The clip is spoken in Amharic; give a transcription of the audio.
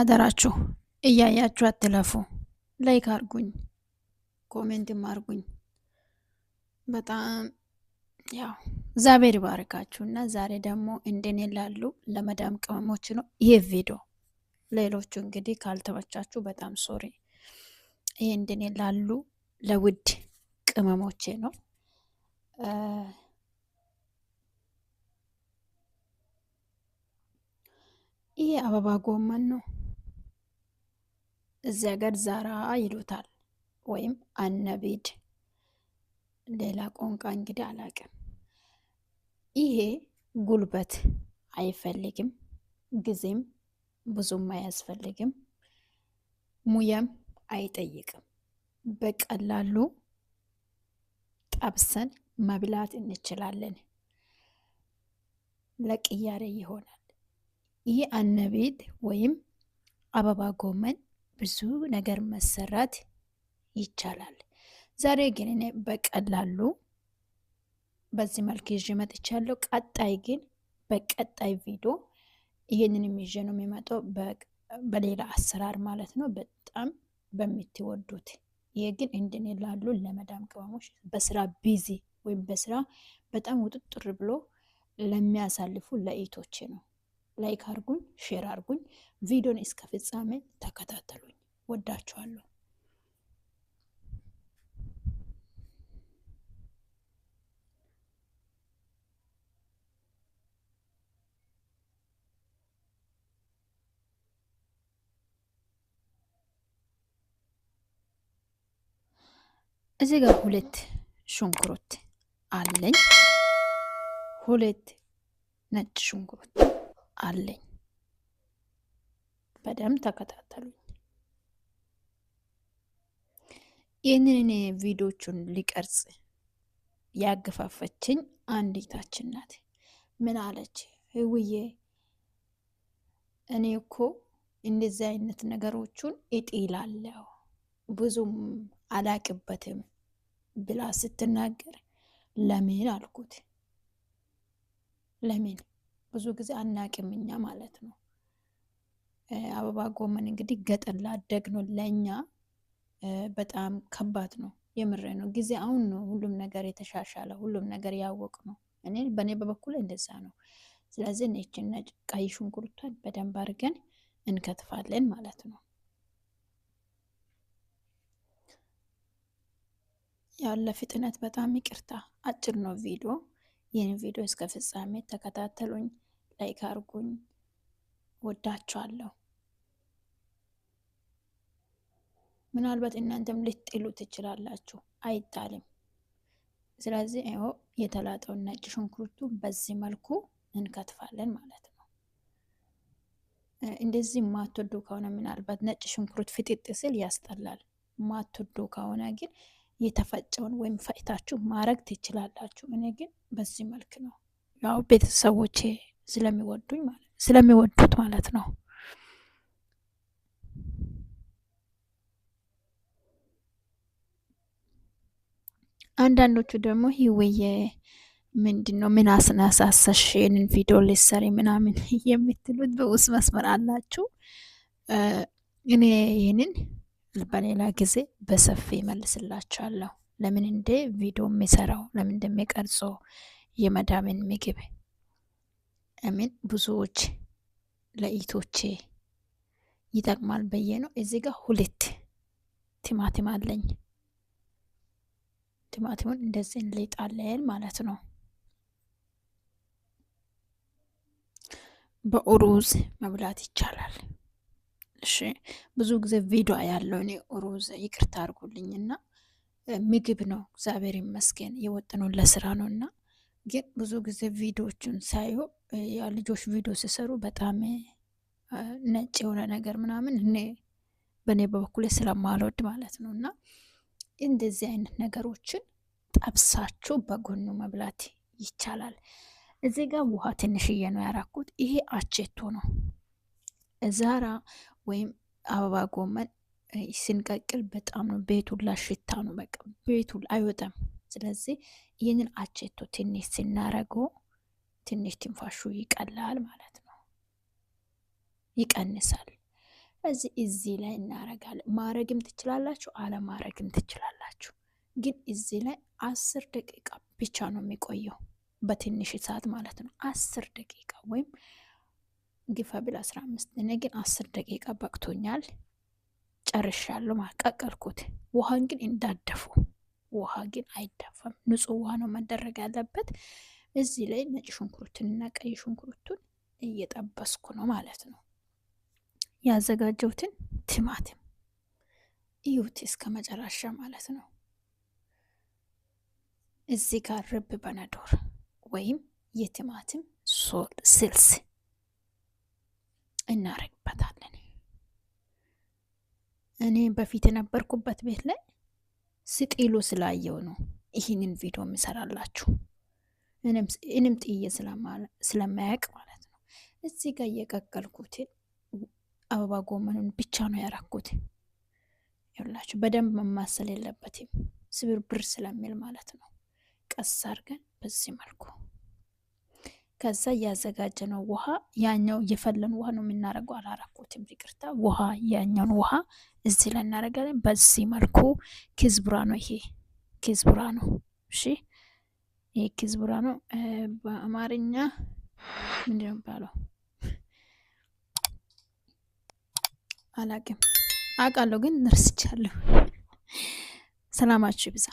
አደራችሁ እያያችሁ አትለፉ። ላይክ አርጉኝ፣ ኮሜንትም አርጉኝ። በጣም ያው እግዚአብሔር ይባርካችሁ እና ዛሬ ደግሞ እንደኔ ላሉ ለመዳም ቅመሞች ነው ይህ ቪዲዮ። ሌሎቹ እንግዲህ ካልተመቻችሁ በጣም ሶሪ። ይህ እንደኔ ላሉ ለውድ ቅመሞቼ ነው። ይሄ አበባ ጎመን ነው። እዚያ ጋር ዛራ ይሉታል ወይም አነቢድ፣ ሌላ ቋንቋ እንግዲህ አላቅም። ይሄ ጉልበት አይፈልግም፣ ጊዜም ብዙም አያስፈልግም፣ ሙያም አይጠይቅም። በቀላሉ ጠብሰን መብላት እንችላለን። ለቅያሬ ይሆናል። ይህ አነቤድ ወይም አበባ ጎመን ብዙ ነገር መሰራት ይቻላል። ዛሬ ግን እኔ በቀላሉ በዚህ መልክ ይዤ መጥቻለሁ። ቀጣይ ግን በቀጣይ ቪዲዮ ይህንንም ይዤ ነው የሚመጣው፣ በሌላ አሰራር ማለት ነው። በጣም በምትወዱት ይሄ ግን እንደኔ ላሉ ለመዳም ቅመሞች በስራ ቢዚ ወይም በስራ በጣም ውጥጥር ብሎ ለሚያሳልፉ ለኢቶቼ ነው። ላይክ አርጉኝ፣ ሼር አርጉኝ። ቪዲዮን እስከ ፍጻሜ ተከታተሉኝ። ወዳችኋለሁ። እዚህ ጋር ሁለት ሽንኩርት አለኝ። ሁለት ነጭ ሽንኩርት አለኝ። በደንብ ተከታተሉኝ። ይህንን ቪዲዮቹን ሊቀርጽ ያገፋፈችኝ አንዲታችን ናት። ምን አለች? ህውዬ እኔ እኮ እንደዚህ አይነት ነገሮቹን እጤላለሁ ብዙም አላቅበትም ብላ ስትናገር ለምን አልኩት። ለምን ብዙ ጊዜ አናቅም እኛ ማለት ነው። አበባ ጎመን እንግዲህ ገጠር ላደግ ነው ለእኛ በጣም ከባድ ነው። የምሬ ነው። ጊዜ አሁን ነው ሁሉም ነገር የተሻሻለ ሁሉም ነገር ያወቅ ነው። እኔ በእኔ በበኩል እንደዛ ነው። ስለዚህ ነጭና ነጭ ቀይ ሽንኩርቷን በደንብ አድርገን እንከትፋለን ማለት ነው። ያለ ፍጥነት በጣም ይቅርታ፣ አጭር ነው ቪዲዮ። ይህን ቪዲዮ እስከ ፍጻሜ ተከታተሉኝ። ላይክ አድርጉኝ። ወዳችኋለሁ። ምናልባት እናንተም ልትጥሉ ትችላላችሁ፣ አይጣልም። ስለዚህ ይኸው የተላጠውን ነጭ ሽንኩርቱ በዚህ መልኩ እንከትፋለን ማለት ነው። እንደዚህ ማትወዱ ከሆነ ምናልባት ነጭ ሽንኩርት ፍጥጥ ስል ያስጠላል። ማትወዱ ከሆነ ግን የተፈጨውን ወይም ፈጭታችሁ ማድረግ ትችላላችሁ። እኔ ግን በዚህ መልክ ነው ያው ቤተሰቦቼ ስለሚወዱኝ ስለሚወዱት ማለት ነው። አንዳንዶቹ ደግሞ ህይወዬ ምንድን ነው ምን አስነሳሳሽ ይህንን ቪዲዮ ልትሰሪ ምናምን የምትሉት በውስጥ መስመር አላችሁ። እኔ ይህንን በሌላ ጊዜ በሰፊ መልስላችኋለሁ። ለምን እንደ ቪዲዮ የሚሰራው ለምን እንደሚቀርጾ የመዳምን ምግብ ለምን ብዙዎች ለኢቶቼ ይጠቅማል ብዬ ነው። እዚህ ጋር ሁለት ቲማቲም አለኝ። ቲማቲሙን እንደዚህ እንሌጣለን ማለት ነው። በሩዝ መብላት ይቻላል። እሺ ብዙ ጊዜ ቪዲዮ ያለው እኔ ሩዝ ይቅርታ አድርጉልኝና ምግብ ነው። እግዚአብሔር ይመስገን የወጥነውን ለስራ ነው እና ግን ብዙ ጊዜ ቪዲዮዎቹን ሳየው ያ ልጆች ቪዲዮ ሲሰሩ በጣም ነጭ የሆነ ነገር ምናምን እኔ በእኔ በበኩል ስለማልወድ ማለት ነው። እና እንደዚህ አይነት ነገሮችን ጠብሳችሁ በጎኑ መብላት ይቻላል። እዚህ ጋር ውሃ ትንሽዬ ነው ያራኩት። ይሄ አቼቶ ነው። ዛራ ወይም አበባ ጎመን ስንቀቅል በጣም ነው ቤቱላ ሽታ ነው። በቃ ቤቱላ አይወጣም። ስለዚህ ይህንን አቼቶ ትንሽ ሲናረጉ ትንሽ ትንፋሹ ይቀላል ማለት ነው፣ ይቀንሳል። እዚህ እዚህ ላይ እናረጋለን። ማረግም ትችላላችሁ፣ አለማረግም ትችላላችሁ። ግን እዚህ ላይ አስር ደቂቃ ብቻ ነው የሚቆየው በትንሽ ሰዓት ማለት ነው። አስር ደቂቃ ወይም ግፋ ብል አስራ አምስት እኔ ግን አስር ደቂቃ በቅቶኛል። ጨርሻለሁ። ማቃቀልኩት ውሃን ግን እንዳደፉ ውሃ ግን አይዳፋም። ንጹህ ውሃ ነው መደረግ ያለበት። እዚህ ላይ ነጭ ሽንኩርቱን ቀይ ሽንኩርቱን እየጠበስኩ ነው ማለት ነው። ያዘጋጀሁትን ቲማቲም እዩት እስከ መጨረሻ ማለት ነው። እዚህ ጋር ርብ በነዶር ወይም የቲማቲም ሶል ስልስ እናረግበታለን። እኔ በፊት የነበርኩበት ቤት ላይ ስጤሎ ስላየው ነው ይህንን ቪዲዮ የምሰራላችሁ። እንም ጥዬ ስለማያቅ ማለት ነው። እዚህ ጋር እየቀቀልኩት አበባ ጎመኑን ብቻ ነው ያራኩት። ይላችሁ በደንብ መማሰል የለበትም ስብርብር ስለሚል ማለት ነው። ቀስ አድርገን በዚህ መልኩ ከዛ እያዘጋጀ ነው ውሃ ያኛው እየፈለን ውሃ ነው የምናደርገው። አላረኩትም ይቅርታ። ውሃ ያኛውን ውሃ እዚህ ላይ እናደርጋለን። በዚህ መልኩ ኪዝቡራ ነው ይሄ ኪዝቡራ ነው። እሺ ይሄ ኪዝቡራ ነው። በአማርኛ ምንድን ነው የሚባለው? አላቅም አውቃለሁ ግን ንርስቻለሁ። ሰላማችሁ ይብዛ።